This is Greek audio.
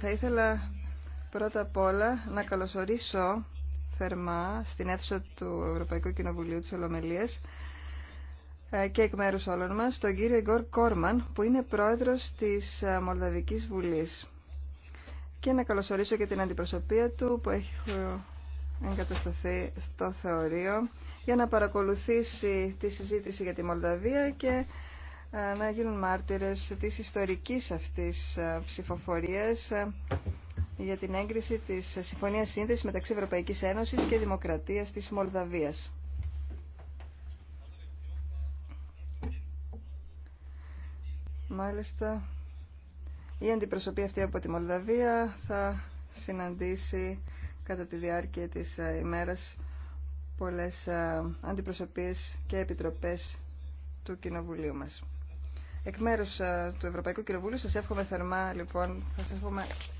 Θα ήθελα πρώτα απ' όλα να καλωσορίσω θερμά στην αίθουσα του Ευρωπαϊκού Κοινοβουλίου της Ολομελίας ε, και εκ μέρους όλων μας τον κύριο Ιγκόρ Κόρμαν που είναι πρόεδρος της ε, Μολδαβικής Βουλής και να καλωσορίσω και την αντιπροσωπεία του που έχει ε, εγκατασταθεί στο θεωρείο για να παρακολουθήσει τη συζήτηση για τη Μολδαβία και να γίνουν μάρτυρες της ιστορικής αυτής ψηφοφορίας για την έγκριση της Συμφωνίας Σύνδεσης μεταξύ Ευρωπαϊκής Ένωσης και Δημοκρατίας της Μολδαβίας. Μάλιστα, η αντιπροσωπή αυτή από τη Μολδαβία θα συναντήσει κατά τη διάρκεια της ημέρας πολλές αντιπροσωπείες και επιτροπές του Κοινοβουλίου μας. Εκ μέρους ε, του Ευρωπαϊκού Κοινοβούλου σας εύχομαι θερμά, λοιπόν, θα σας